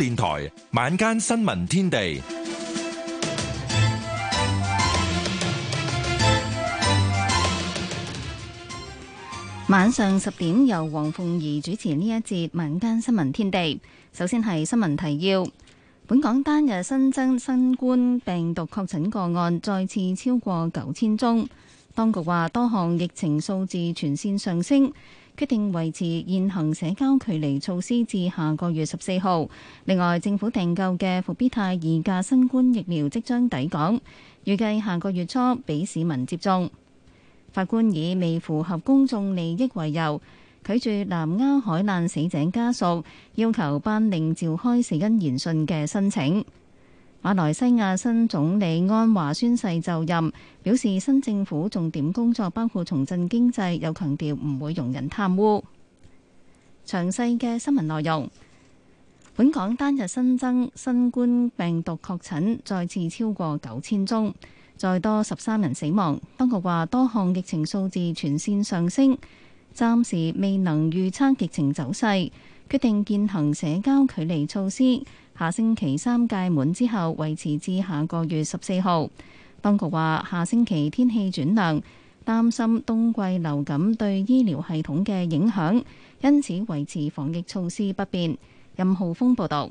電台晚間新聞天地，晚上十點由黃鳳儀主持呢一節晚間新聞天地。首先係新聞提要，本港單日新增新冠病毒確診個案再次超過九千宗，當局話多項疫情數字全線上升。決定維持現行社交距離措施至下個月十四號。另外，政府訂購嘅復必泰二價新冠疫苗即將抵港，預計下個月初俾市民接種。法官以未符合公眾利益為由，拒絕南丫海難死者家屬要求頒令召開死因研訊嘅申請。馬來西亞新總理安華宣誓就任，表示新政府重點工作包括重振經濟，又強調唔會容忍貪污。詳細嘅新聞內容。本港單日新增新冠病毒確診再次超過九千宗，再多十三人死亡。當局話多項疫情數字全綫上升，暫時未能預測疫情走勢。決定建行社交距離措施，下星期三屆滿之後維持至下個月十四號。當局話，下星期天氣轉涼，擔心冬季流感對醫療系統嘅影響，因此維持防疫措施不變。任浩峰報導。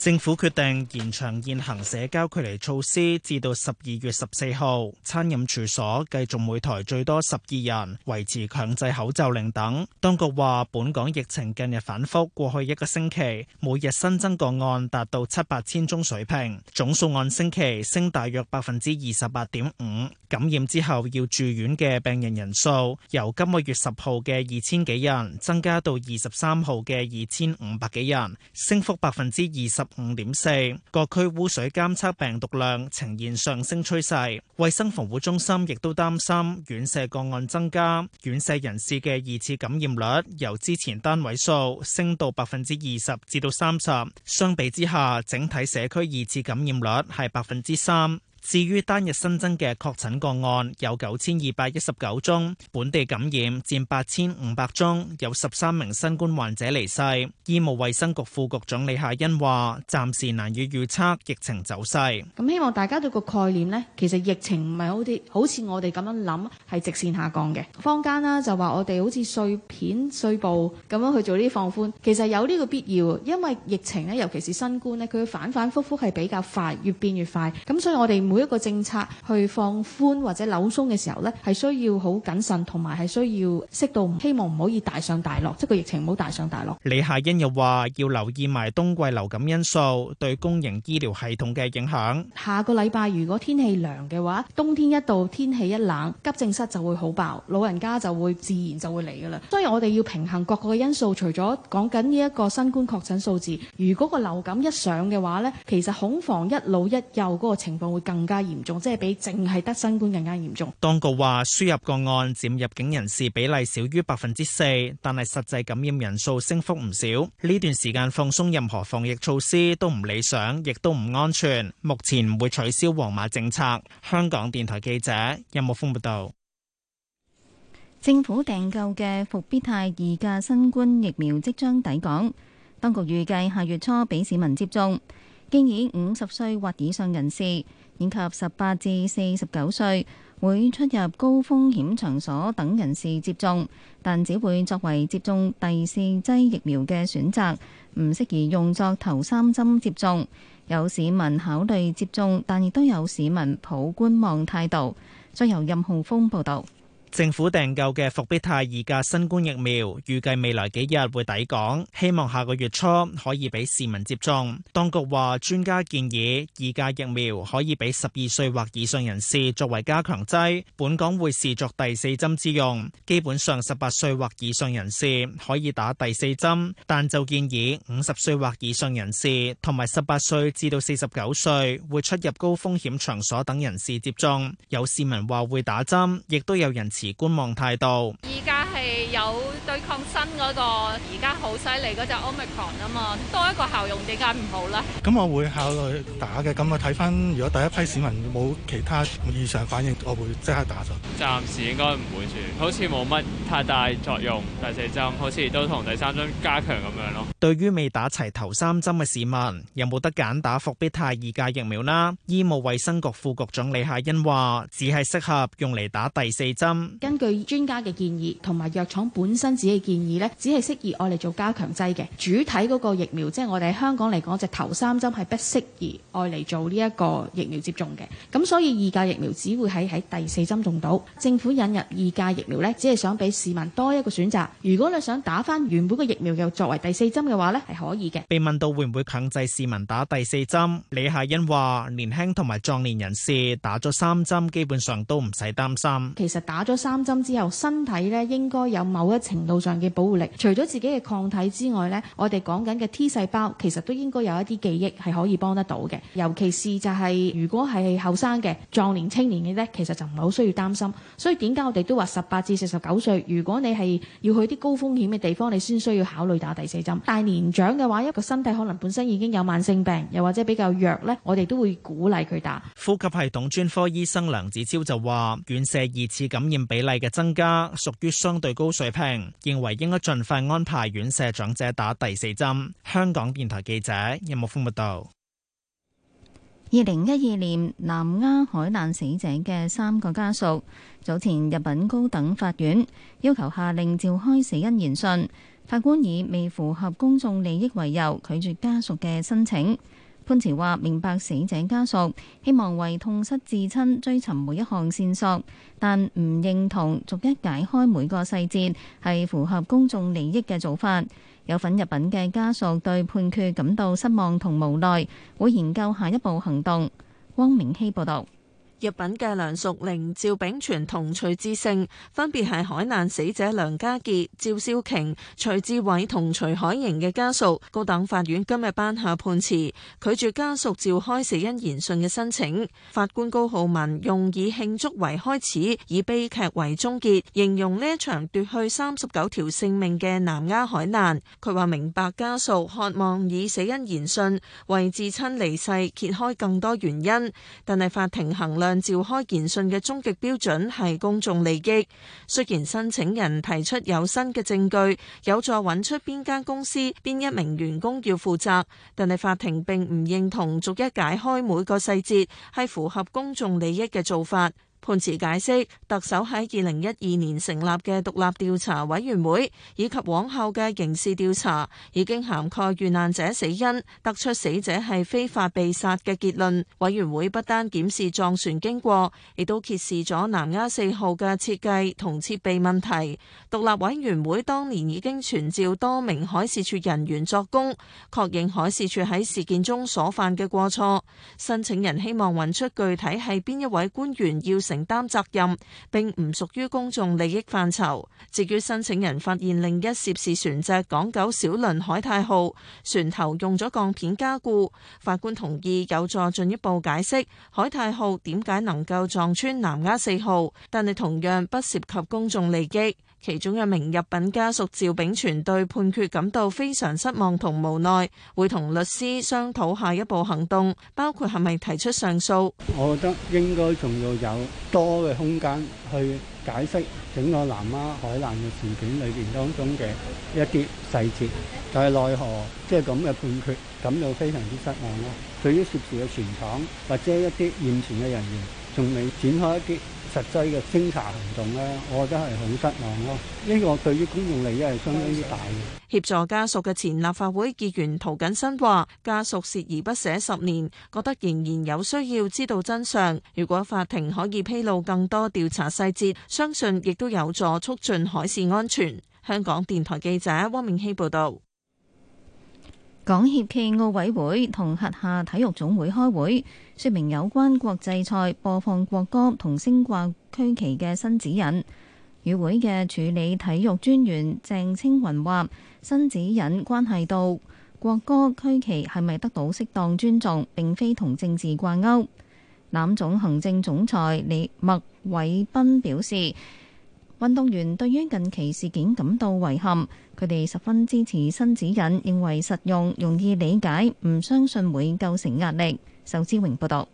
政府決定延長現行社交距離措施，至到十二月十四號。餐飲處所繼續每台最多十二人，維持強制口罩令等。當局話，本港疫情近日反覆，過去一個星期每日新增個案達到七八千宗水平，總數按星期升大約百分之二十八點五。感染之後要住院嘅病人人數，由今個月十號嘅二千幾人增加到二十三號嘅二千五百幾人，升幅百分之二十。五點四，4，各區污水監測病毒量呈現上升趨勢。衛生防護中心亦都擔心院舍個案增加，院舍人士嘅二次感染率由之前單位數升到百分之二十至到三十。相比之下，整體社區二次感染率係百分之三。至於單日新增嘅確診個案有九千二百一十九宗，本地感染佔八千五百宗，有十三名新冠患者離世。醫務衛生局副局長李夏欣話：暫時難以預測疫情走勢。咁希望大家對個概念呢，其實疫情唔係好似好似我哋咁樣諗係直線下降嘅。坊間啦就話我哋好似碎片碎步咁樣去做呢啲放寬，其實有呢個必要，因為疫情呢，尤其是新冠呢，佢反反覆覆係比較快，越變越快。咁所以我哋。每一個政策去放寬或者扭鬆嘅時候呢，係需要好謹慎，同埋係需要適度，希望唔可以大上大落，即係個疫情唔好大上大落。李夏欣又話：要留意埋冬季流感因素對公營醫療系統嘅影響。下個禮拜如果天氣涼嘅話，冬天一到，天氣一冷，急症室就會好爆，老人家就會自然就會嚟㗎啦。所以我哋要平衡各個嘅因素，除咗講緊呢一個新冠確診數字，如果個流感一上嘅話呢，其實恐防一老一幼嗰個情況會更。更加嚴重，即係比淨係得新冠更加嚴重。當局話輸入個案佔入境人士比例少於百分之四，但係實際感染人數升幅唔少。呢段時間放鬆任何防疫措施都唔理想，亦都唔安全。目前唔會取消黃碼政策。香港電台記者任木峰報道。有有政府訂購嘅復必泰二價新冠疫苗即將抵港，當局預計下月初俾市民接種，建議五十歲或以上人士，以及十八至四十九歲會出入高風險場所等人士接種，但只會作為接種第四劑疫苗嘅選擇，唔適宜用作頭三針接種。有市民考慮接種，但亦都有市民抱觀望態度。再由任浩峰報導。政府訂購嘅復必泰二價新冠疫苗，預計未來幾日會抵港，希望下個月初可以俾市民接種。當局話專家建議二價疫苗可以俾十二歲或以上人士作為加強劑，本港會視作第四針之用。基本上十八歲或以上人士可以打第四針，但就建議五十歲或以上人士同埋十八歲至到四十九歲會出入高風險場所等人士接種。有市民話會打針，亦都有人持觀望態度。係有對抗新嗰個而家好犀利嗰隻 Omicron 啊嘛，多一個效用點解唔好咧？咁我會考慮打嘅。咁我睇翻，如果第一批市民冇其他異常反應，我會即刻打咗。暫時應該唔會住，好似冇乜太大作用。第四針好似都同第三針加強咁樣咯。對於未打齊頭三針嘅市民，有冇得揀打復必泰二價疫苗啦？醫務衛生局副局長李夏欣話：只係適合用嚟打第四針。根據專家嘅建議同埋。藥廠本身自己建議咧，只係適宜愛嚟做加強劑嘅。主體嗰個疫苗，即係我哋喺香港嚟講，就頭三針係不適宜愛嚟做呢一個疫苗接種嘅。咁所以二價疫苗只會喺喺第四針中到。政府引入二價疫苗呢，只係想俾市民多一個選擇。如果你想打翻原本嘅疫苗又作為第四針嘅話呢，係可以嘅。被問到會唔會強制市民打第四針，李夏欣話：年輕同埋壯年人士打咗三針，基本上都唔使擔心。其實打咗三針之後，身體呢應該。有某一程度上嘅保護力，除咗自己嘅抗體之外咧，我哋講緊嘅 T 細胞其實都應該有一啲記憶係可以幫得到嘅。尤其是就係、是、如果係後生嘅壯年青年嘅咧，其實就唔係好需要擔心。所以點解我哋都話十八至四十九歲，如果你係要去啲高風險嘅地方，你先需要考慮打第四針。大年長嘅話，一個身體可能本身已經有慢性病，又或者比較弱咧，我哋都會鼓勵佢打。呼吸系統專科醫生梁子超就話：院舍二次感染比例嘅增加，屬於雙。對高水平，認為應該盡快安排院舍長者打第四針。香港電台記者任木峰報道。二零一二年南丫海難死者嘅三個家屬早前入禀高等法院，要求下令召開死因研訊。法官以未符合公眾利益為由，拒絕家屬嘅申請。官焯話：明白死者家屬希望為痛失至親追尋每一項線索，但唔認同逐一解開每個細節係符合公眾利益嘅做法。有份入稟嘅家屬對判決感到失望同無奈，會研究下一步行動。汪明希報道。入稟嘅梁淑玲、趙炳全同徐志勝，分別係海難死者梁家傑、趙少瓊、徐志偉同徐海瑩嘅家屬。高等法院今日頒下判詞，拒絕家屬召開死因研訊嘅申請。法官高浩文用以慶祝為開始，以悲劇為終結，形容呢一場奪去三十九條性命嘅南丫海難。佢話明白家屬渴望以死因研訊為至親離世揭開更多原因，但係法庭衡量。召開言訊嘅終極標準係公眾利益。雖然申請人提出有新嘅證據，有助揾出邊間公司、邊一名員工要負責，但係法庭並唔認同逐一解開每個細節係符合公眾利益嘅做法。判詞解釋，特首喺二零一二年成立嘅獨立調查委員會，以及往後嘅刑事調查，已經涵蓋遇難者死因，得出死者係非法被殺嘅結論。委員會不單檢視撞船經過，亦都揭示咗南丫四號嘅設計同設備問題。獨立委員會當年已經傳召多名海事處人員作供，確認海事處喺事件中所犯嘅過錯。申請人希望揾出具體係邊一位官員要承擔責任，並唔屬於公眾利益範疇。至於申請人發現另一涉事船隻港九小輪海泰號船頭用咗鋼片加固，法官同意有助進一步解釋海泰號點解能夠撞穿南丫四號，但係同樣不涉及公眾利益。其中一名入稟家屬趙炳全對判決感到非常失望同無奈，會同律師商討下一步行動，包括係咪提出上訴。我覺得應該仲要有多嘅空間去解釋整個南丫海難嘅事件裏邊當中嘅一啲細節，但係奈何即係咁嘅判決感到非常之失望咯。對於涉事嘅船廠或者一啲驗船嘅人員仲未展開一啲。實際嘅偵查行動呢，我真係好失望咯。呢、這個對於公共利益係相當之大嘅。協助家屬嘅前立法會議員涂謹申話：家屬鍥而不捨十年，覺得仍然有需要知道真相。如果法庭可以披露更多調查細節，相信亦都有助促進海事安全。香港電台記者汪明熙報道。港協暨奧委會同轄下體育總會開會，説明有關國際賽播放國歌同升掛區旗嘅新指引。與會嘅處理體育專員鄭青雲話：新指引關係到國歌區旗係咪得到適當尊重，並非同政治掛鈎。欖總行政總裁李麥偉斌表示，運動員對於近期事件感到遺憾。佢哋十分支持新指引，認為實用、容易理解，唔相信會構成壓力。仇志榮報道。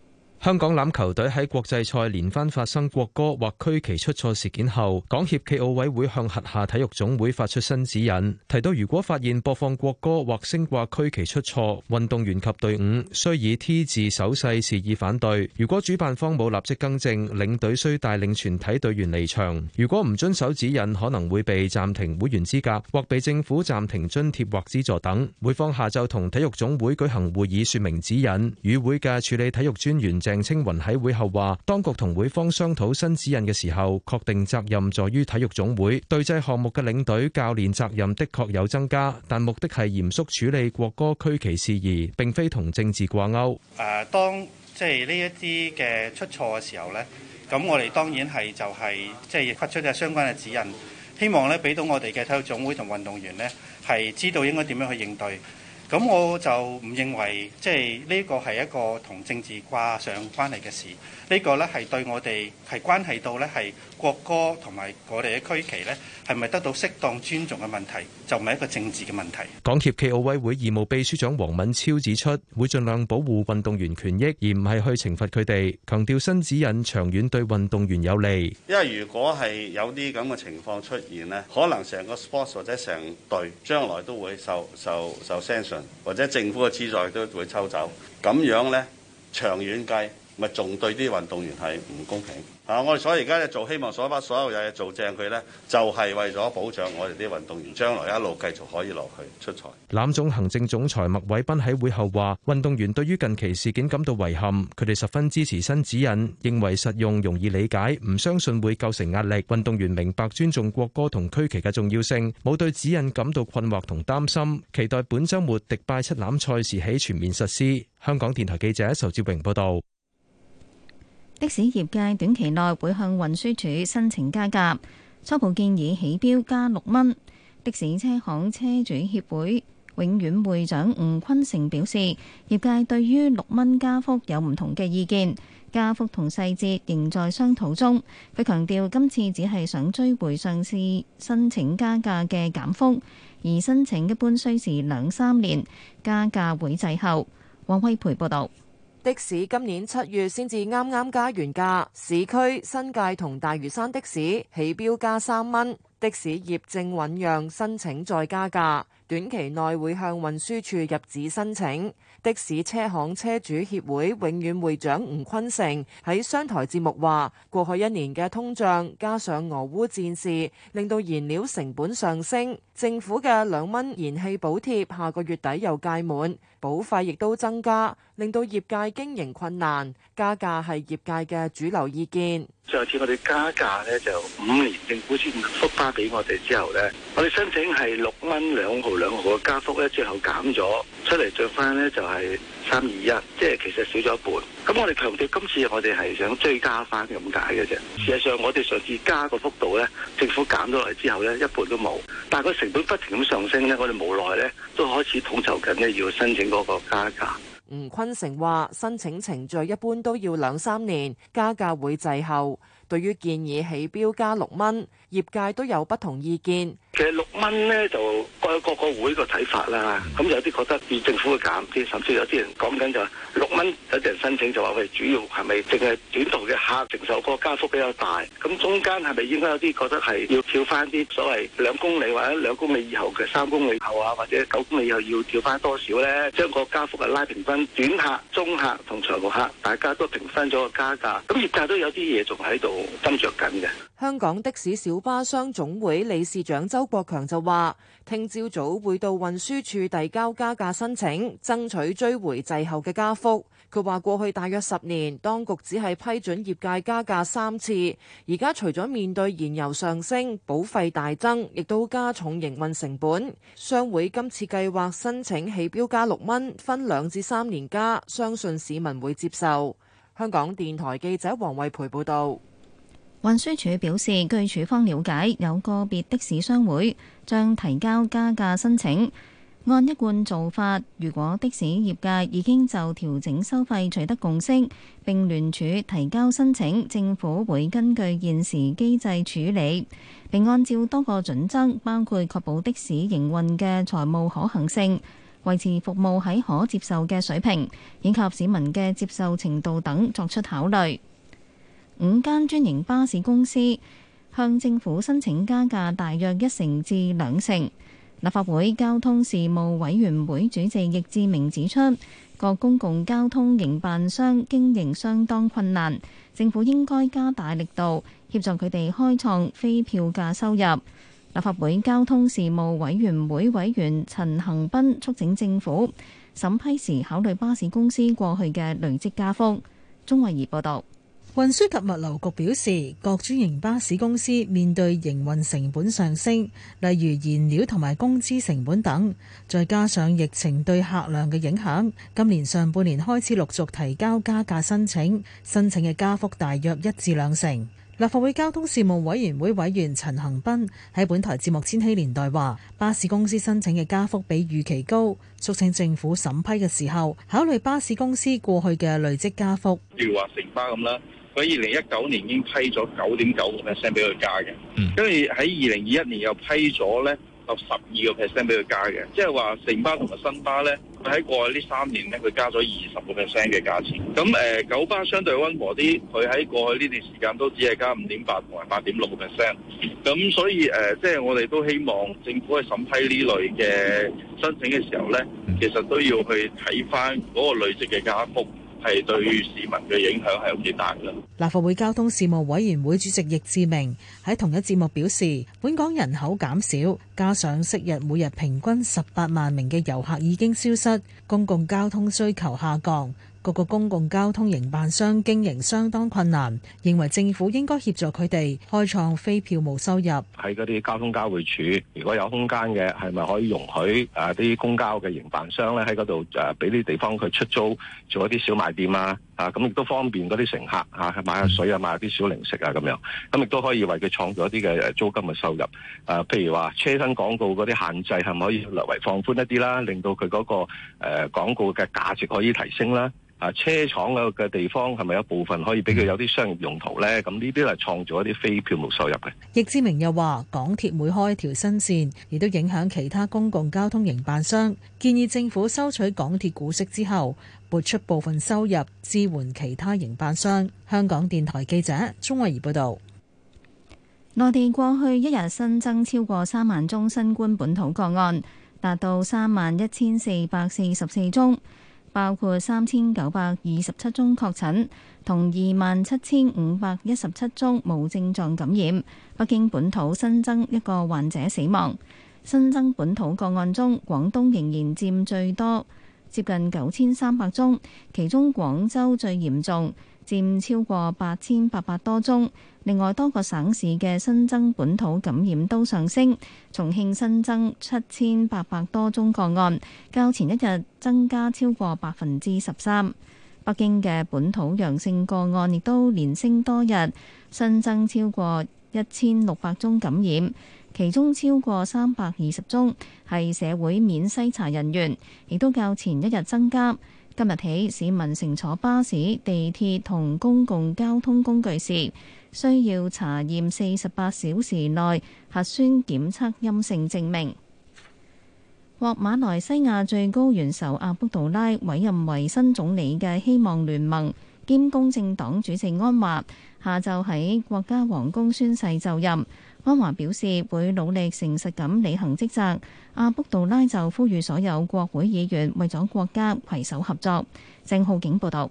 香港欖球隊喺國際賽連番發生國歌或區旗出錯事件後，港協暨奧委會向轄下體育總會發出新指引，提到如果發現播放國歌或升掛區旗出錯，運動員及隊伍需以 T 字手勢示意反對。如果主辦方冇立即更正，領隊需帶領全體隊員離場。如果唔遵守指引，可能會被暫停會員資格或被政府暫停津貼或資助等。會方下晝同體育總會舉行會議說明指引，與會嘅處理體育專員，鄭青雲喺會後話，當局同會方商討新指引嘅時候，確定責任在於體育總會。對制項目嘅領隊教練責任的確有增加，但目的係嚴肅處理國歌區旗事宜，並非同政治掛鈎。誒，當即係呢一啲嘅出錯嘅時候呢，咁我哋當然係就係即係發出咗相關嘅指引，希望咧俾到我哋嘅體育總會同運動員呢係知道應該點樣去應對。咁我就唔認為即係呢個係一個同政治掛上關係嘅事。呢個咧係對我哋係關係到咧係國歌同埋我哋嘅區旗咧，係咪得到適當尊重嘅問題，就唔係一個政治嘅問題。港協暨奧委會義務秘書長黃敏超指出，會盡量保護運動員權益，而唔係去懲罰佢哋，強調新指引長遠對運動員有利。因為如果係有啲咁嘅情況出現咧，可能成個 sports 或者成隊將來都會受受受審或者政府嘅資助都會抽走，咁樣咧長遠計。咪仲對啲運動員係唔公平啊。我哋所以而家做希望，所把所有嘢做正佢咧，就係為咗保障我哋啲運動員將來一路繼續可以落去出賽。欖總行政總裁麥偉斌喺會後話：運動員對於近期事件感到遺憾，佢哋十分支持新指引，認為實用容易理解，唔相信會構成壓力。運動員明白尊重國歌同區旗嘅重要性，冇對指引感到困惑同擔心。期待本週末迪拜七欖賽事起全面實施。香港電台記者仇志榮報道。的士業界短期內會向運輸署申請加價，初步建議起標加六蚊。的士車行車主協會永遠會長吳坤成表示，業界對於六蚊加幅有唔同嘅意見，加幅同細節仍在商討中。佢強調，今次只係想追回上次申請加價嘅減幅，而申請一般需時兩三年，加價會滯後。王威培報導。的士今年七月先至啱啱加完價，市區、新界同大嶼山的士起標加三蚊，的士業正醞釀申請再加價。短期內會向運輸署入紙申請。的士車行車主協會永遠會長吳坤成喺商台節目話，過去一年嘅通脹，加上俄烏戰事，令到燃料成本上升。政府嘅兩蚊燃氣補貼下個月底又屆滿，保費亦都增加，令到業界經營困難。加價係業界嘅主流意見。上次我哋加價咧，就五年政府先覆花俾我哋之後咧，我哋申請係六蚊兩毫。兩毫嘅加幅咧，最後減咗出嚟，着翻咧就係三二一，即係其實少咗一半。咁我哋強調，今次我哋係想追加翻咁解嘅啫。事實上，我哋上次加個幅度咧，政府減咗嚟之後咧，一半都冇。但係個成本不停咁上升咧，我哋無奈咧，都開始統籌緊呢，要申請嗰個加價。吳坤成話：申請程序一般都要兩三年，加價會滯後。對於建議起標加六蚊。業界都有不同意見。其實六蚊咧就各有各個會個睇法啦。咁有啲覺得要政府會減啲，甚至有啲人講緊就話六蚊有啲人申請就話：喂，主要係咪淨係短途嘅客承受嗰個加幅比較大？咁中間係咪應該有啲覺得係要跳翻啲所謂兩公里或者兩公里以後嘅三公里後啊，或者九公里後要跳翻多少咧？即係個加幅啊，拉平分短客、中客同長途客，大家都平分咗個加價。咁業界都有啲嘢仲喺度斟酌緊嘅。香港的士小巴商總會理事長周國強就話，聽朝早會到運輸署遞交加價申請，爭取追回滯後嘅加幅。佢話過去大約十年，當局只係批准業界加價三次，而家除咗面對燃油上升、保費大增，亦都加重營運成本。商會今次計劃申請起標加六蚊，分兩至三年加，相信市民會接受。香港電台記者黃慧培報道。運輸署表示，據署方了解，有個別的士商會將提交加價申請。按一貫做法，如果的士業界已經就調整收費取得共識並聯署提交申請，政府會根據現時機制處理，並按照多個準則，包括確保的士營運嘅財務可行性、維持服務喺可接受嘅水平以及市民嘅接受程度等作出考慮。五間專營巴士公司向政府申請加價，大約一成至兩成。立法會交通事務委員會主席易志明指出，各公共交通營辦商經營相當困難，政府應該加大力度協助佢哋開創非票價收入。立法會交通事務委員會委員陳恒斌促請政府審批時考慮巴士公司過去嘅累積加幅。鍾慧儀報道。運輸及物流局表示，各專營巴士公司面對營運成本上升，例如燃料同埋工資成本等，再加上疫情對客量嘅影響，今年上半年開始陸續提交加價申請，申請嘅加幅大約一至兩成。立法會交通事務委員會委員陳恒鑌喺本台節目《千禧年代》話，巴士公司申請嘅加幅比預期高，促請政府審批嘅時候考慮巴士公司過去嘅累積加幅，佢二零一九年已經批咗九點九個 percent 俾佢加嘅，跟住喺二零二一年又批咗咧十二個 percent 俾佢加嘅，即係話城巴同埋新巴咧，佢喺過去呢三年咧，佢加咗二十個 percent 嘅價錢。咁誒九巴相對温和啲，佢喺過去呢段時間都只係加五點八同埋八點六個 percent。咁所以誒，即、呃、係、就是、我哋都希望政府去審批呢類嘅申請嘅時候咧，其實都要去睇翻嗰個累積嘅加幅。係對市民嘅影響係好之大嘅。立法會交通事務委員會主席易志明喺同一節目表示，本港人口減少，加上昔日每日平均十八萬名嘅遊客已經消失，公共交通需求下降。各個公共交通營辦商經營相當困難，認為政府應該協助佢哋開創非票務收入。喺嗰啲交通交匯處，如果有空間嘅，係咪可以容許啊啲公交嘅營辦商咧喺嗰度誒，俾啲地方佢出租做一啲小賣店啊？啊，咁亦都方便嗰啲乘客嚇、啊、買下水啊，買下啲小零食啊，咁樣咁亦都可以為佢創造一啲嘅租金嘅收入。誒、啊，譬如話車身廣告嗰啲限制係咪可以略為放寬一啲啦，令到佢嗰、嗰個誒、呃、廣告嘅價值可以提升啦。啊，車廠嘅地方係咪有部分可以俾佢有啲商業用途咧？咁呢啲係創造一啲非票務收入嘅。易志明又話港鐵每開一條新綫，亦都影響其他公共交通營辦商，建議政府收取港鐵股息之後。撥出部分收入支援其他營辦商。香港電台記者鍾慧儀報導。內地過去一日新增超過三萬宗新冠本土個案，達到三萬一千四百四十四宗，包括三千九百二十七宗確診，同二萬七千五百一十七宗無症狀感染。北京本土新增一個患者死亡，新增本土個案中，廣東仍然佔最多。接近九千三百宗，其中廣州最嚴重，佔超過八千八百多宗。另外多個省市嘅新增本土感染都上升，重慶新增七千八百多宗個案，較前一日增加超過百分之十三。北京嘅本土陽性個案亦都連升多日，新增超過一千六百宗感染。其中超過三百二十宗係社會免篩查人員，亦都較前一日增加。今日起，市民乘坐巴士、地鐵同公共交通工具時，需要查驗四十八小時內核酸檢測陰性證明。獲馬來西亞最高元首阿卜杜拉委任為新總理嘅希望聯盟兼公正黨主席安華，下晝喺國家皇宮宣誓就任。安華表示會努力誠實咁履行職責。阿卜杜拉就呼籲所有國會議員為咗國家攜手合作。鄭浩景報道。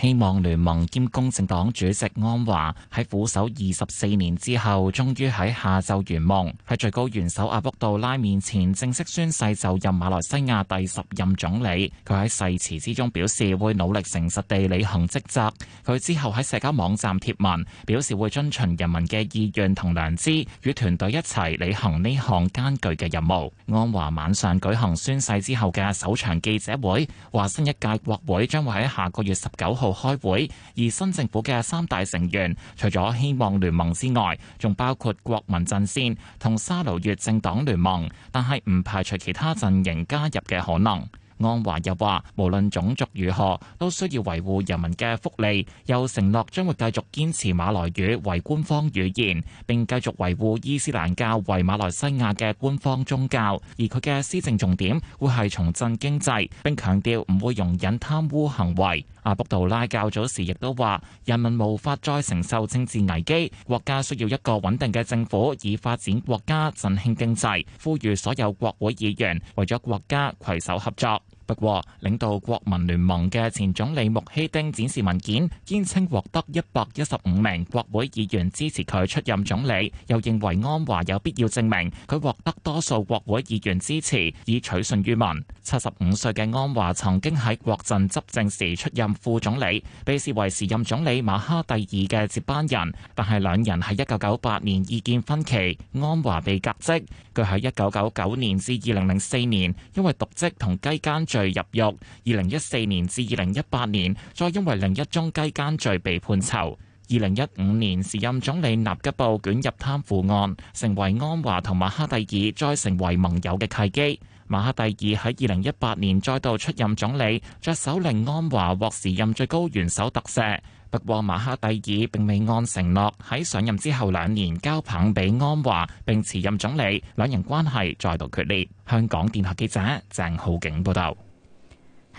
希望聯盟兼公正黨主席安華喺苦守二十四年之後，終於喺下晝圓夢，喺最高元首阿卜杜拉面前正式宣誓就任馬來西亞第十任總理。佢喺誓詞之中表示會努力誠實地履行職責。佢之後喺社交網站貼文，表示會遵循人民嘅意願同良知，與團隊一齊履行呢項艱巨嘅任務。安華晚上舉行宣誓之後嘅首場記者會，話新一屆國會將會喺下個月十九號。開會，而新政府嘅三大成員，除咗希望聯盟之外，仲包括國民陣線同沙撈越政黨聯盟，但係唔排除其他陣營加入嘅可能。安華又話，無論種族如何，都需要維護人民嘅福利。又承諾將會繼續堅持馬來語為官方語言，並繼續維護伊斯蘭教為馬來西亞嘅官方宗教。而佢嘅施政重點會係重振經濟，並強調唔會容忍貪污行為。阿卜杜拉教祖時較早時亦都話，人民無法再承受政治危機，國家需要一個穩定嘅政府以發展國家、振興經濟。呼籲所有國會議員為咗國家攜手合作。不過，領導國民聯盟嘅前總理穆希丁展示文件，堅稱獲得一百一十五名國會議員支持佢出任總理，又認為安華有必要證明佢獲得多數國會議員支持，以取信於民。七十五歲嘅安華曾經喺國陣執政時出任副總理，被視為時任總理馬哈蒂爾嘅接班人，但係兩人喺一九九八年意見分歧，安華被革職。佢喺一九九九年至二零零四年因為瀆職同雞奸罪入獄，二零一四年至二零一八年，再因為另一宗雞姦罪被判囚。二零一五年，時任總理納吉布捲入貪腐案，成為安華同馬哈蒂爾再成為盟友嘅契機。馬哈蒂爾喺二零一八年再度出任總理，着手令安華獲時任最高元首特赦。不過，馬哈蒂爾並未按承諾喺上任之後兩年交棒俾安華，並辭任總理，兩人關係再度決裂。香港電台記者鄭浩景報道。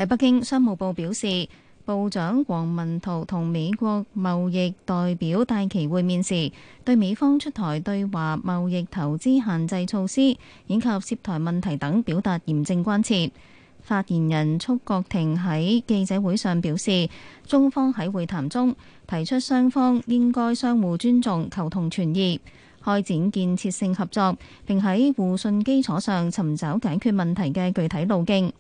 喺北京，商務部表示，部長王文濤同美國貿易代表戴琪會面時，對美方出台對華貿易投資限制措施以及涉台問題等表達嚴正關切。發言人束國庭喺記者會上表示，中方喺會談中提出，雙方應該相互尊重、求同存異，開展建設性合作，並喺互信基礎上尋找解決問題嘅具體路徑。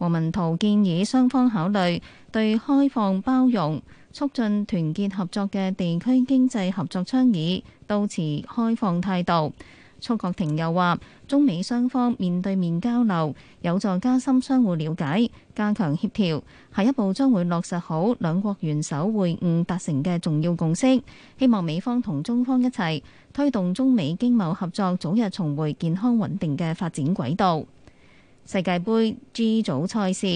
王文濤建議雙方考慮對開放包容、促進團結合作嘅地區經濟合作倡議都持開放態度。楚國庭又話：中美雙方面對面交流有助加深相互了解、加強協調，下一步將會落實好兩國元首會晤達成嘅重要共識。希望美方同中方一齊推動中美經貿合作早日重回健康穩定嘅發展軌道。世界杯 G 組賽事，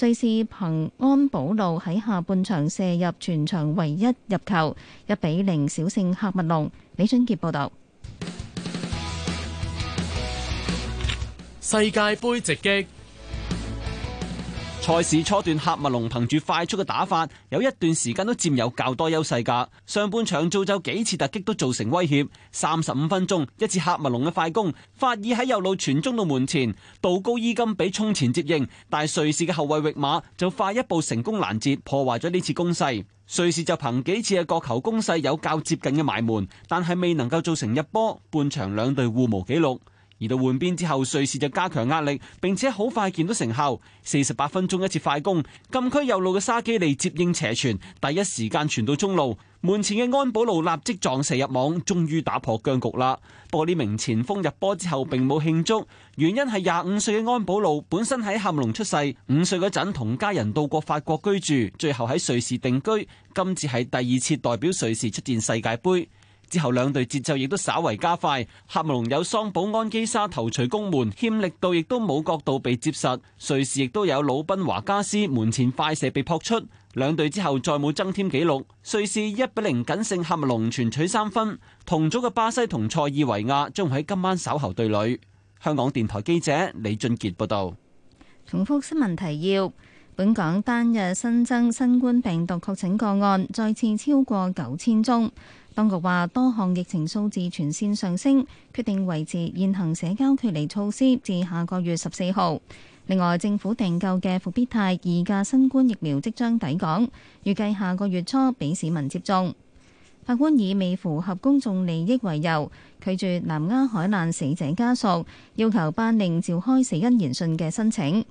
瑞士憑安保路喺下半場射入全場唯一入球，一比零小勝喀麥隆。李俊杰報道。世界杯直擊。賽事初段，喀麥隆憑住快速嘅打法，有一段時間都佔有較多優勢噶。上半場造就幾次突擊都造成威脅。三十五分鐘，一次喀麥隆嘅快攻，法爾喺右路傳中到門前，道高伊金俾衝前接應，但瑞士嘅後衛域馬就快一步成功攔截，破壞咗呢次攻勢。瑞士就憑幾次嘅角球攻勢有較接近嘅埋門，但係未能夠造成入波。半場兩隊互無紀錄。而到換邊之後，瑞士就加強壓力，並且好快見到成效。四十八分鐘一次快攻，禁區右路嘅沙基利接應斜傳，第一時間傳到中路，門前嘅安保路立即撞射入網，終於打破僵局啦。不過呢名前鋒入波之後並冇慶祝，原因係廿五歲嘅安保路本身喺喀麥隆出世，五歲嗰陣同家人到過法國居住，最後喺瑞士定居，今次係第二次代表瑞士出戰世界盃。之後兩隊節奏亦都稍為加快，喀麥隆有桑保安基沙頭錘攻門，欠力度亦都冇角度被接實。瑞士亦都有魯賓華加斯門前快射被撲出，兩隊之後再冇增添紀錄。瑞士一比零僅勝喀麥隆，全取三分。同組嘅巴西同塞爾維亞將喺今晚稍後對壘。香港電台記者李俊杰報道。重複新聞提要：本港單日新增新冠病毒確診個案再次超過九千宗。當局話多項疫情數字全線上升，決定維持現行社交距離措施至下個月十四號。另外，政府訂購嘅復必泰二價新冠疫苗即將抵港，預計下個月初俾市民接種。法官以未符合公眾利益為由，拒絕南丫海難死者家屬要求頒令召開死因研訊嘅申請。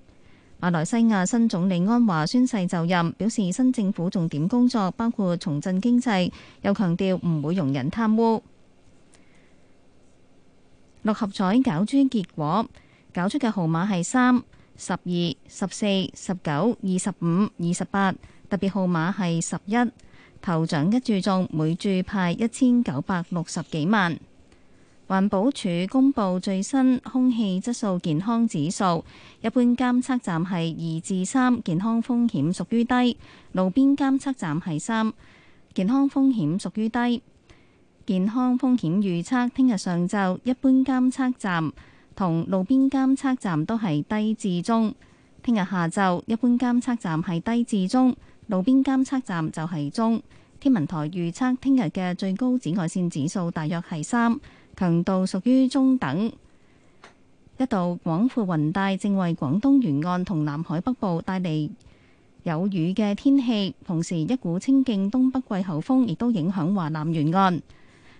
馬來西亞新總理安華宣誓就任，表示新政府重點工作包括重振經濟，又強調唔會容忍貪污。六合彩攪珠結果搞出嘅號碼係三、十二、十四、十九、二十五、二十八，特別號碼係十一。頭獎一注中，每注派一千九百六十幾萬。環保署公布最新空氣質素健康指數，一般監測站係二至三，健康風險屬於低；路邊監測站係三，健康風險屬於低。健康風險預測：聽日上晝一般監測站同路邊監測站都係低至中；聽日下晝一般監測站係低至中，路邊監測站就係中。天文台預測聽日嘅最高紫外線指數大約係三。強度屬於中等，一道廣闊雲帶正為廣東沿岸同南海北部帶嚟有雨嘅天氣，同時一股清勁東北季候風亦都影響華南沿岸。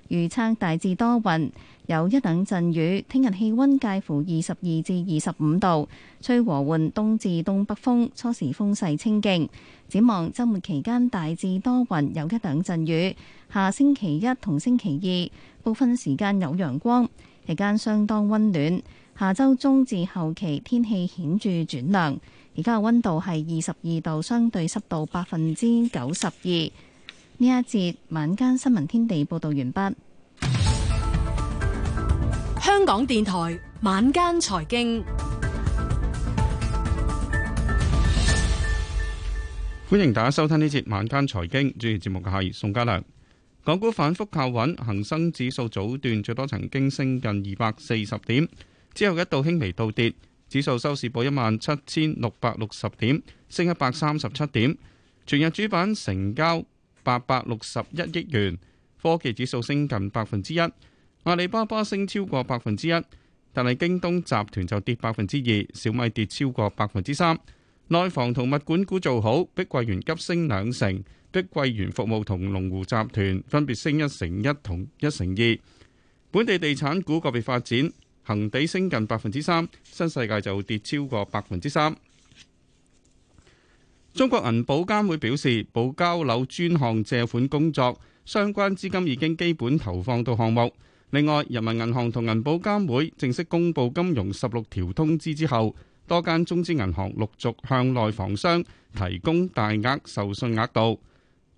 預測大致多雲，有一兩陣雨。聽日氣溫介乎二十二至二十五度，吹和緩東至東北風，初時風勢清勁。展望周末期間大致多雲，有一兩陣雨。下星期一同星期二部分時間有陽光，期間相當溫暖。下周中至後期天氣顯著轉涼。而家嘅溫度係二十二度，相對濕度百分之九十二。呢一節晚間新聞天地報道完畢。香港電台晚間財經，歡迎大家收聽呢節晚間財經。主持節目嘅係宋家良。港股反覆靠穩，恒生指數早段最多曾經升近二百四十點，之後一度輕微倒跌，指數收市報一萬七千六百六十點，升一百三十七點。全日主板成交。八百六十一億元，科技指數升近百分之一，阿里巴巴升超過百分之一，但係京東集團就跌百分之二，小米跌超過百分之三。內房同物管股做好，碧桂園急升兩成，碧桂園服務同龍湖集團分別升一成一同一成二。本地地產股個別發展，恒地升近百分之三，新世界就跌超過百分之三。中國銀保監會表示，保交樓專項借款工作相關資金已經基本投放到項目。另外，人民銀行同銀保監會正式公佈《金融十六條》通知之後，多間中資銀行陸續向內房商提供大額授信額度。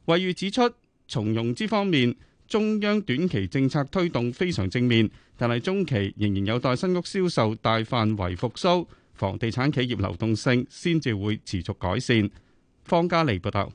惠譽指出，從融資方面，中央短期政策推動非常正面，但係中期仍然有待新屋銷售大範圍復甦，房地產企業流動性先至會持續改善。方家莉報道，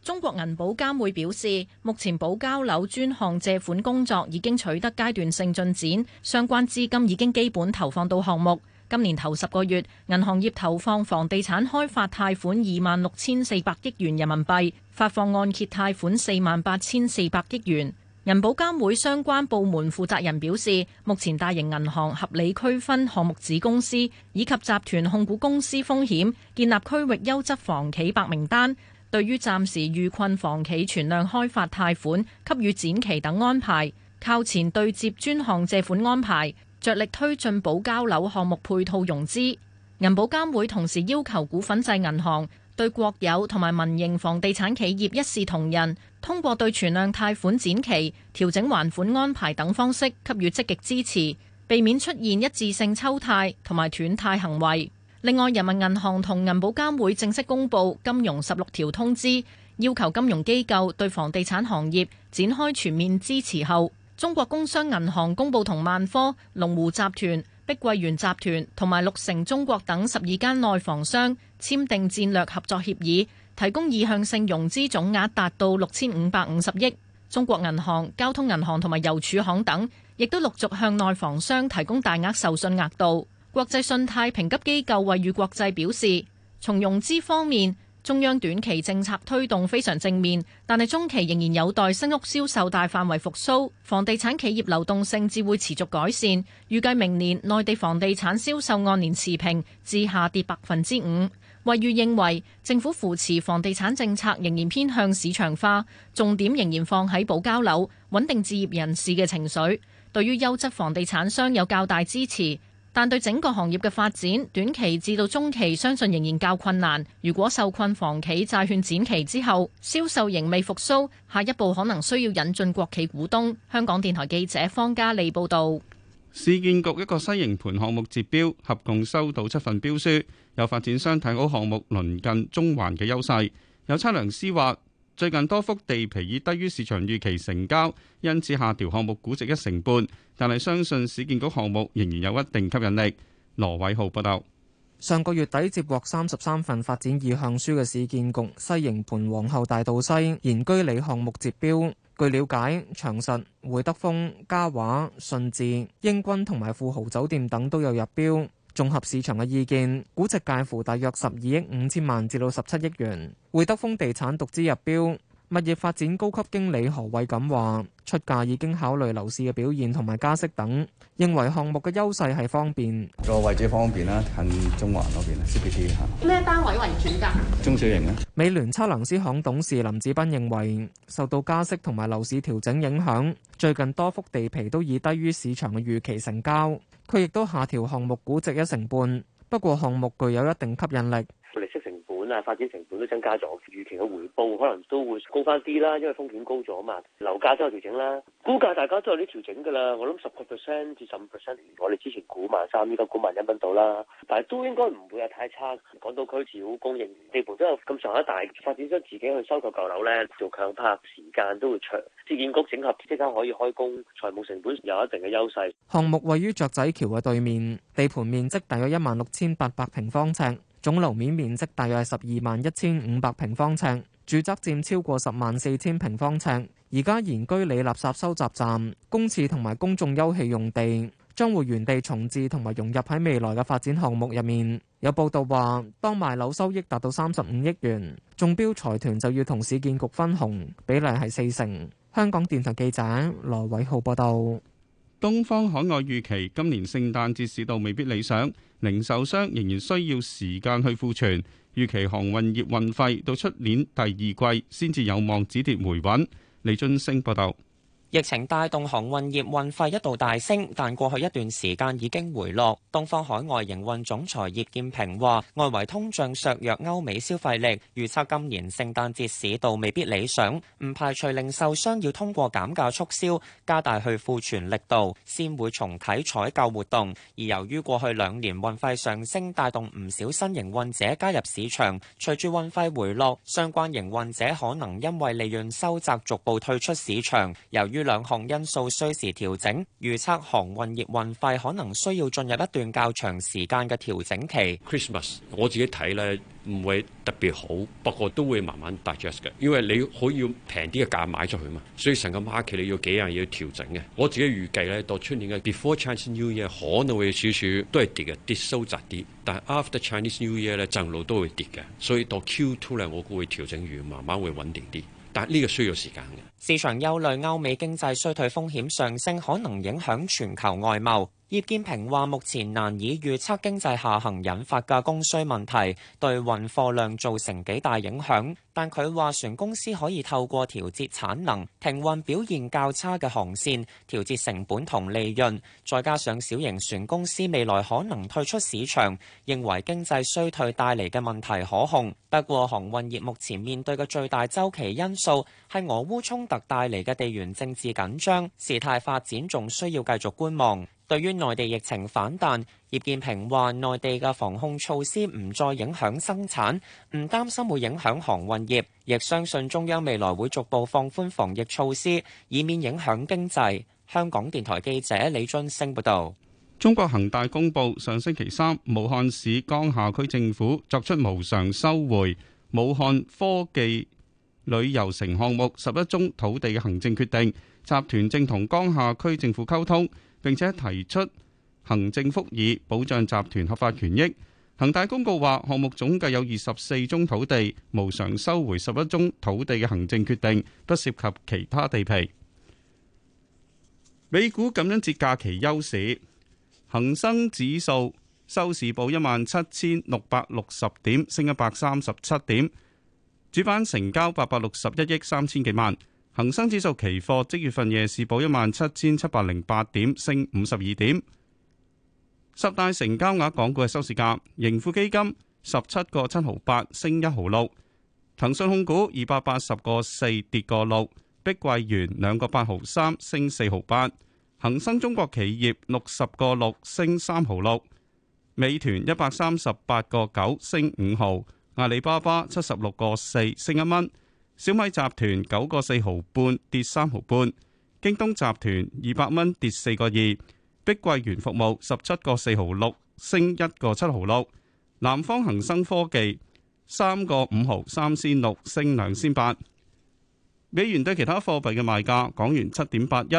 中國銀保監會表示，目前保交樓專項借款工作已經取得階段性進展，相關資金已經基本投放到項目。今年頭十個月，銀行業投放房地產開發貸款二萬六千四百億元人民幣，發放按揭貸款四萬八千四百億元。銀保監會相關部門負責人表示，目前大型銀行合理區分項目子公司以及集團控股公司風險，建立區域優質房企白名單，對於暫時遇困房企存量開發貸款給予展期等安排，靠前對接專項借款安排，着力推進保交樓項目配套融資。銀保監會同時要求股份制銀行，對國有同埋民營房地產企業一視同仁，通過對存量貸款展期、調整還款安排等方式給予積極支持，避免出現一次性抽貸同埋斷貸行為。另外，人民銀行同銀保監會正式公布《金融十六條通知》，要求金融機構對房地產行業展開全面支持後，中國工商銀行公布同萬科、龍湖集團。碧桂園集團同埋綠城中國等十二間內房商簽訂戰略合作協議，提供意向性融資總額達到六千五百五十億。中國銀行、交通銀行同埋郵儲行等亦都陸續向內房商提供大額授信額度。國際信貸評級機構惠譽國際表示，從融資方面。中央短期政策推動非常正面，但係中期仍然有待新屋銷售大範圍復甦，房地產企業流動性至會持續改善。預計明年內地房地產銷售按年持平至下跌百分之五。惠譽認為政府扶持房地產政策仍然偏向市場化，重點仍然放喺保交樓、穩定置業人士嘅情緒，對於優質房地產商有較大支持。但對整個行業嘅發展，短期至到中期相信仍然較困難。如果受困房企債券展期之後，銷售仍未復甦，下一步可能需要引進國企股東。香港電台記者方嘉利報導。市建局一個西營盤項目截標，合共收到七份標書，有發展商睇好項目鄰近中環嘅優勢，有測量師話，最近多幅地皮以低於市場預期成交，因此下調項目估值一成半。但係相信市建局項目仍然有一定吸引力。羅偉浩報道。上個月底接獲三十三份發展意向書嘅市建局西營盤皇后大道西現居里項目截標。據了解，長實、會德豐、嘉華、信置、英軍同埋富豪酒店等都有入標。綜合市場嘅意見，估值介乎大約十二億五千萬至到十七億元。會德豐地產獨資入標。物業發展高級經理何偉錦話：，出價已經考慮樓市嘅表現同埋加息等，認為項目嘅優勢係方便，個位置方便啦，近中環嗰邊，C P T 咩單位為主價？中小型咧、啊。美聯測量師行董,董事林子斌認為，受到加息同埋樓市調整影響，最近多幅地皮都以低於市場嘅預期成交。佢亦都下調項目估值一成半，不過項目具有一定吸引力。發展成本都增加咗，預期嘅回報可能都會高翻啲啦，因為風險高咗嘛。樓價都有調整啦，估計大家都有啲調整噶啦。我諗十個 percent 至十五 percent，我哋之前估萬三，依家估萬一蚊到啦。但係都應該唔會係太差。港島區少供應地盤都有咁上下大，發展商自己去收購舊樓咧，做強拍時間都會長。建局整合即刻可以開工，財務成本有一定嘅優勢。項目位於雀仔橋嘅對面，地盤面積大約一萬六千八百平方尺。總樓面面積大約係十二萬一千五百平方尺，住宅佔超過十萬四千平方尺。而家現居裏垃圾收集站、公廁同埋公眾休憩用地將會原地重置，同埋融入喺未來嘅發展項目入面。有報道話，當賣樓收益達到三十五億元，中標財團就要同市建局分紅，比例係四成。香港電台記者羅偉浩報道。東方海外預期今年聖誕節市道未必理想，零售商仍然需要時間去庫存，預期航運業運費到出年第二季先至有望止跌回穩。李俊升報道。疫情帶動航運業運費一度大升，但過去一段時間已經回落。東方海外營運總裁葉建平話，外圍通脹削弱歐美消費力，預測今年聖誕節市道未必理想，唔排除零售商要通過減價促銷、加大去庫存力度，先會重啟採購活動。而由於過去兩年運費上升，帶動唔少新營運者加入市場，隨住運費回落，相關營運者可能因為利潤收窄，逐步退出市場。由於兩項因素需時調整，預測航運業運費可能需要進入一段較長時間嘅調整期。Christmas 我自己睇咧唔會特別好，不過都會慢慢 digest 嘅，因為你可以平啲嘅價買出去嘛。所以成個 market 你要幾樣嘢要調整嘅。我自己預計咧到出年嘅 Before Chinese New Year 可能會少少都係跌嘅，跌收窄啲。但係 After Chinese New Year 咧，整路都會跌嘅。所以到 Q2 咧，我估會調整完，慢慢會穩定啲。但呢個需要時間嘅。市場憂慮歐美經濟衰退風險上升，可能影響全球外貿。葉建平話，目前難以預測經濟下行引發嘅供需問題對運貨量造成幾大影響。但佢話，船公司可以透過調節產能、停運表現較差嘅航線、調節成本同利潤，再加上小型船公司未來可能退出市場，認為經濟衰退帶嚟嘅問題可控。不過，航運業目前面對嘅最大週期因素係俄烏衝突帶嚟嘅地緣政治緊張，事態發展仲需要繼續觀望。對於內地疫情反彈，葉建平話：內地嘅防控措施唔再影響生產，唔擔心會影響航運業，亦相信中央未來會逐步放寬防疫措施，以免影響經濟。香港電台記者李俊升報道。中國恒大公布上星期三，武漢市江夏區政府作出無償收回武漢科技旅遊城項目十一宗土地嘅行政決定，集團正同江夏區政府溝通。並且提出行政覆議，保障集團合法權益。恒大公告話，項目總計有二十四宗土地，無償收回十一宗土地嘅行政決定，不涉及其他地皮。美股感恩節假期休市，恒生指數收市報一萬七千六百六十點，升一百三十七點，主板成交八百六十一億三千幾萬。恒生指數期貨即月份夜市報一萬七千七百零八點，升五十二點。十大成交額港股嘅收市價：盈富基金十七個七毫八，升一毫六；騰訊控股二百八十個四，跌個六；碧桂園兩個八毫三，升四毫八；恒生中國企業六十個六，升三毫六；美團一百三十八個九，升五毫；阿里巴巴七十六個四，升一蚊。小米集團九個四毫半跌三毫半，京東集團二百蚊跌四個二，碧桂園服務十七個四毫六升一個七毫六，南方恒生科技三個五毫三仙六升兩仙八，美元兌其他貨幣嘅賣價：港元七點八一，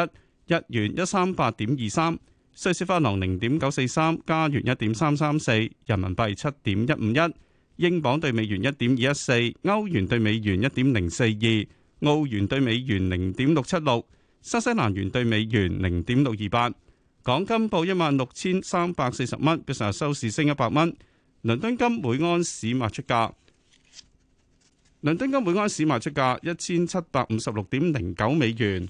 日元一三八點二三，瑞士法郎零點九四三，加元一點三三四，人民幣七點一五一。英鎊兌美元一點二一四，歐元兌美元一點零四二，澳元兌美元零點六七六，新西蘭元兌美元零點六二八。港金報一萬六千三百四十蚊，比較收市升一百蚊。倫敦金每安士賣出價，倫敦金每安士賣出價一千七百五十六點零九美元。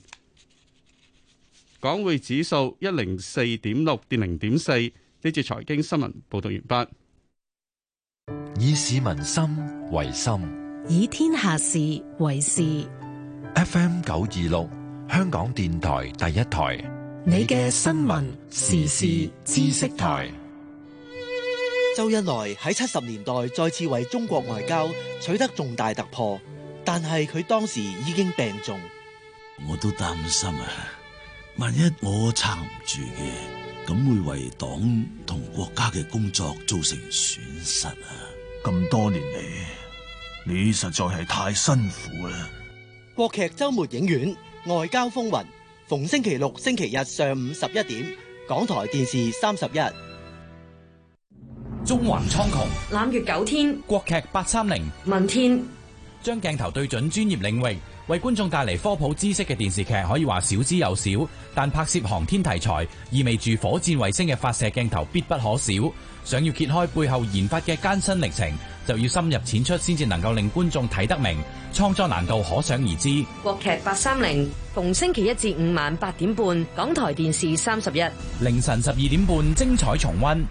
港匯指數一零四點六跌零點四。呢次財經新聞報道完畢。以市民心為心，以天下事為事。FM 九二六，香港電台第一台，你嘅新聞時事知識台。周恩來喺七十年代再次為中國外交取得重大突破，但係佢當時已經病重。我都擔心啊，萬一我撐唔住嘅，咁會為黨同國家嘅工作造成損失啊！咁多年嚟，你實在係太辛苦啦！國劇周末影院，外交風雲，逢星期六、星期日上午十一點，港台電視三十一。中環蒼穹，攬月九天，國劇八三零，問天，將鏡頭對準專業領域。為觀眾帶嚟科普知識嘅電視劇可以話少之又少，但拍攝航天題材意味住火箭衛星嘅發射鏡頭必不可少。想要揭開背後研發嘅艱辛歷程，就要深入淺出先至能夠令觀眾睇得明，創作難度可想而知。國劇八三零，逢星期一至五晚八點半，港台電視三十一，凌晨十二點半，精彩重溫。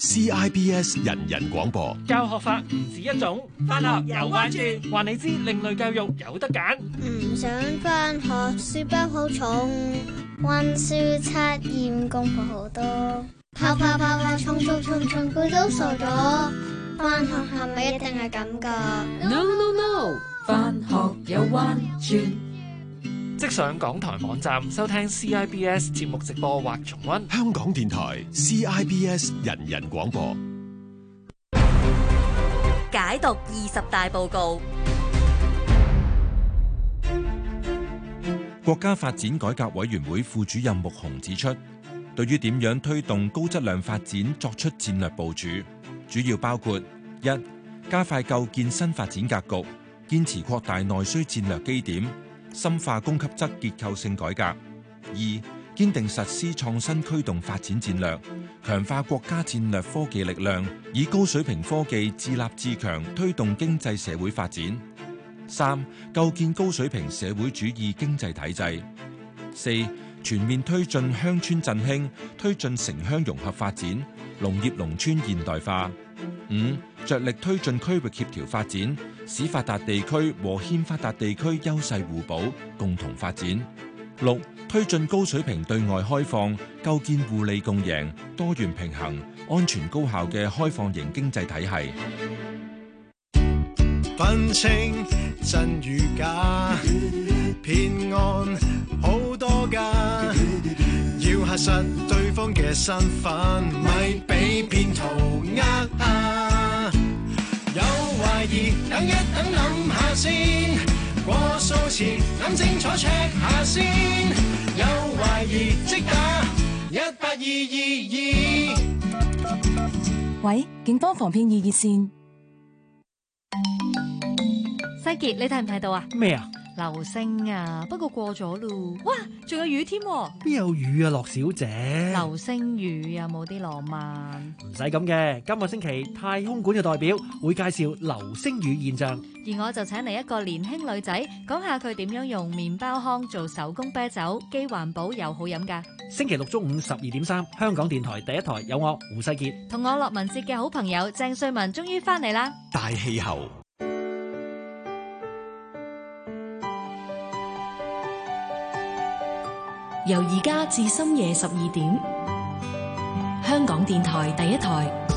CIBS 人人廣播，教學法唔止一種，翻學有彎轉，話你知另類教育有得揀。唔想翻學書包好重，温書測驗功課好多，跑跑跑跑，冲冲冲衝，背都傻咗。翻學係咪一定係咁噶？No no no，no，翻學有彎轉。即上港台網站收聽 CIBS 節目直播或重温香港電台 CIBS 人人廣播解讀二十大報告。國家發展改革委員會副主任穆虹指出，對於點樣推動高質量發展作出戰略部署，主要包括：一、加快構建新發展格局，堅持擴大內需戰略基點。深化供給側結構性改革；二、堅定實施創新驅動發展戰略，強化國家戰略科技力量，以高水平科技自立自強推動經濟社會發展；三、構建高水平社會主義經濟體制；四、全面推進鄉村振興，推進城鄉融合發展、農業農村現代化。五。着力推進區域協調發展，使發達地區和欠發達地區優勢互補，共同發展。六，推進高水平對外開放，構建互利共贏、多元平衡、安全高效嘅開放型經濟體系。分清真與假，騙案好多㗎，要核實對方嘅身份，咪俾騙徒呃啊！有懷疑，等一等，諗下先。過數前，諗清楚 check 下先。有懷疑，即打一八二二二。喂，警方防騙易熱線。西杰，你睇唔睇到啊？咩啊？流星啊，不過過咗咯。哇，仲有雨添，邊有雨啊，駱小姐？流星雨有冇啲浪漫？唔使咁嘅。今個星期太空館嘅代表會介紹流星雨現象，而我就請嚟一個年輕女仔講下佢點樣用麵包糠做手工啤酒，既環保又好飲噶。星期六中午十二點三，香港電台第一台有我胡世杰，同我駱文哲嘅好朋友鄭瑞文終於翻嚟啦。大氣候。由而家至深夜十二點，香港電台第一台。